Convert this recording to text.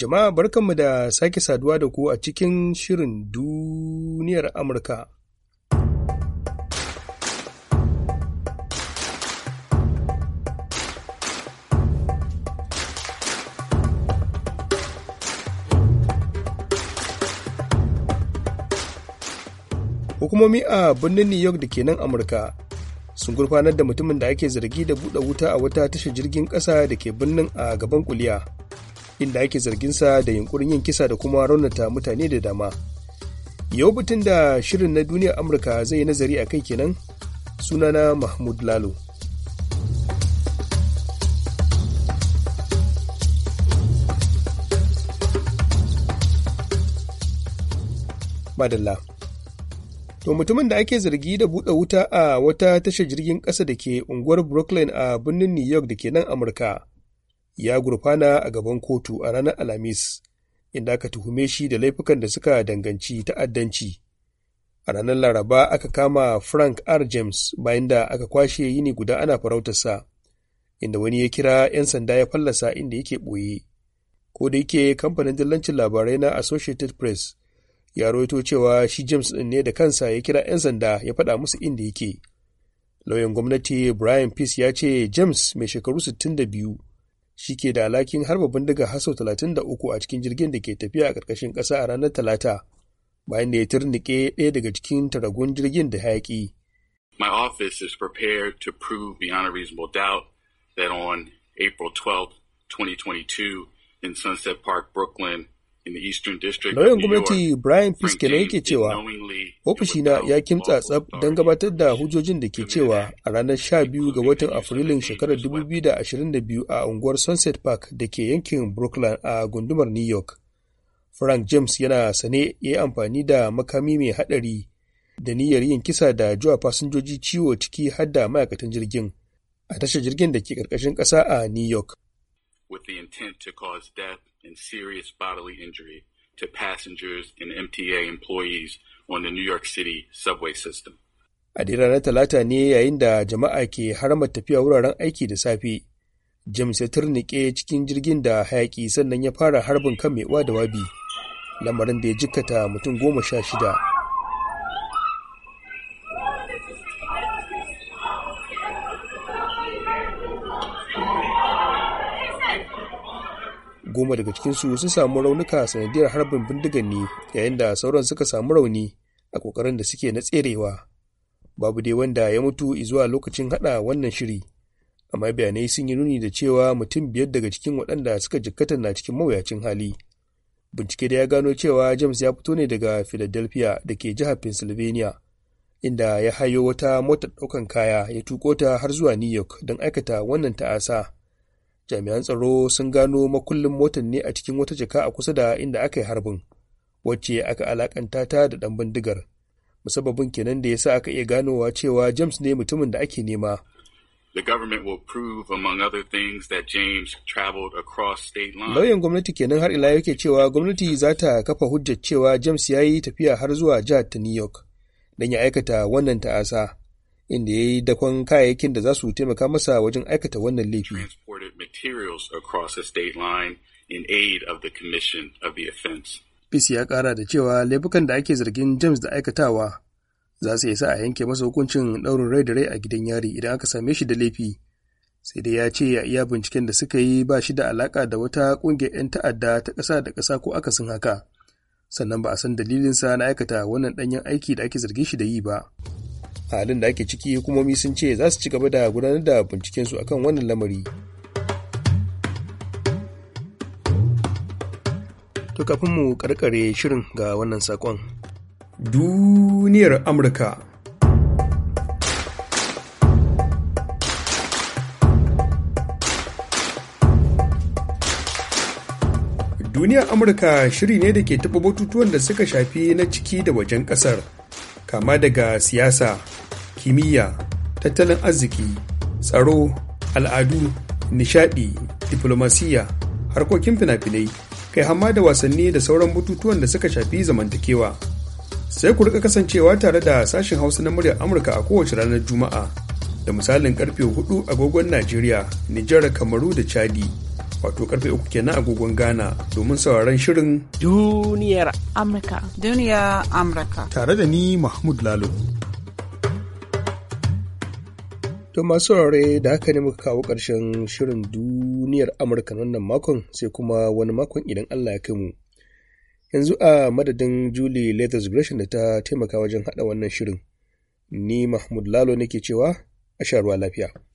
Jama'a barkanmu da sake saduwa da ku a cikin shirin duniyar Amurka. Hukumomi a birnin New York da ke nan Amurka sun gurfanar da mutumin da ake zargi da buɗe wuta a wata tashar jirgin ƙasa da ke birnin a gaban kuliya. inda ake sa da yunkurin yin kisa da kuma raunata mutane da dama yau butun da shirin na duniya amurka zai yi nazari a kai kenan sunana mahmud lalo madalla to mutumin da ake zargi da buɗe wuta a wata tashar jirgin ƙasa da ke unguwar brooklyn a birnin new york da ke nan amurka ya gurfana a gaban kotu a ranar Alhamis, inda aka tuhume shi da laifukan da suka danganci ta'addanci. A ranar Laraba aka kama Frank R. James bayan da aka kwashe yini guda ana farautarsa, inda wani ya kira 'yan sanda ya fallasa inda yake ɓoye. Ko da yake kamfanin dillancin labarai na Associated Press ya rawaito cewa shi James ɗin ne da kansa ya kira 'yan sanda ya faɗa musu inda yake. Lauyan gwamnati Brian Peace ya ce James mai shekaru 62 shi ke da alhakin harba bindiga haso 33 a cikin jirgin da ke tafiya a ƙarƙashin ƙasa a ranar talata bayan da ya turnike ɗaya daga cikin taragun jirgin da hayaƙi. My office is prepared to prove beyond a reasonable doubt that on April 12, 2022, in Sunset Park, Brooklyn, Lauyan gwamnati Brian Fiske ne yake cewa ofishina ya kimtsa tsab don gabatar da hujjojin da ke cewa a ranar 12 ga watan Afrilun shekarar 2022 a unguwar Sunset Park da ke yankin Brooklyn a gundumar New York. Frank James yana sane ya yi amfani da makami mai haɗari da niyyar yin kisa da juwa fasinjoji ciwo ciki har ma'aikatan jirgin a tashar jirgin da ke ƙarƙashin ƙasa a New York. with the intent to cause death and serious bodily injury to passengers and MTA employees on the New York City subway system. A ranar Talata ne yayin da jama'a ke harama tafiya wuraren aiki da safe, James ya turnike cikin jirgin da hayaki sannan ya fara harbin kan mai da wabi, lamarin da ya jikkata mutum goma sha shida. goma daga cikinsu sun samu raunuka sanadiyar harbin bindigan ne yayin da sauran suka samu rauni a kokarin da suke na tserewa babu dai wanda ya mutu zuwa lokacin hada wannan shiri amma bayanai sun yi nuni da cewa mutum biyar daga cikin waɗanda suka jikkata na cikin mawuyacin hali bincike da ya gano cewa james ya fito ne daga philadelphia da ke jihar pennsylvania inda ya hayo wata motar ɗaukan kaya ya tuko ta har zuwa new york don aikata wannan ta'asa jami'an tsaro sun gano makullin motar ne a cikin wata jaka a kusa da inda aka yi harbin wacce aka alakanta ta da dan bindigar musababin kenan da yasa aka iya ganowa cewa james ne mutumin da ake nema The government will prove, among other things, that James traveled across state lines. Lauyan gwamnati kenan har ila yake cewa gwamnati za ta kafa hujjar cewa James ya yi tafiya har zuwa jihar ta New York don ya aikata wannan ta'asa. inda ya yi dakon kayayyakin da za su taimaka masa wajen aikata wannan laifi. Pis ya kara da cewa laifukan da ake zargin James da aikatawa za su sa a yanke masa hukuncin ɗaurin rai da rai a gidan yari idan aka same shi da laifi. Sai dai ya ce ya iya binciken da suka yi ba shi da alaka da wata ƙungiyar 'yan ta'adda ta ƙasa da ƙasa ko akasin haka. Sannan ba a san dalilinsa na aikata wannan ɗanyen aiki da ake zargin shi da yi ba. a halin da ake ciki hukumomi sun ce za su ci gaba da gudanar da bincikensu akan wannan lamari to kafin mu karkare shirin ga wannan sakon duniyar amurka duniyar amurka shiri ne da ke taɓa batutuwan da suka shafi na ciki da wajen ƙasar kama daga siyasa kimiyya tattalin arziki tsaro al'adu nishadi diplomasiya harkokin fina-finai kai hama da wasanni da sauran bututuwan da suka shafi zamantakewa sai ku rika kasancewa tare da sashen hausa na muryar amurka a kowace ranar juma'a da misalin karfe 4 agogon najeriya nijar kamaru da chadi wato karfe uku kenan agogon Ghana domin sauraron shirin Duniyar Amurka. Duniyar Amurka. Tare da ni Mahmud Lalo. To masu saurare da haka ne muka kawo ƙarshen shirin duniyar Amurka wannan makon sai kuma wani makon idan Allah ya kai mu. Yanzu a madadin juli Letters Gresham da ta taimaka wajen haɗa wannan shirin. Ni Mahmud Lalo nake cewa a sha ruwa lafiya.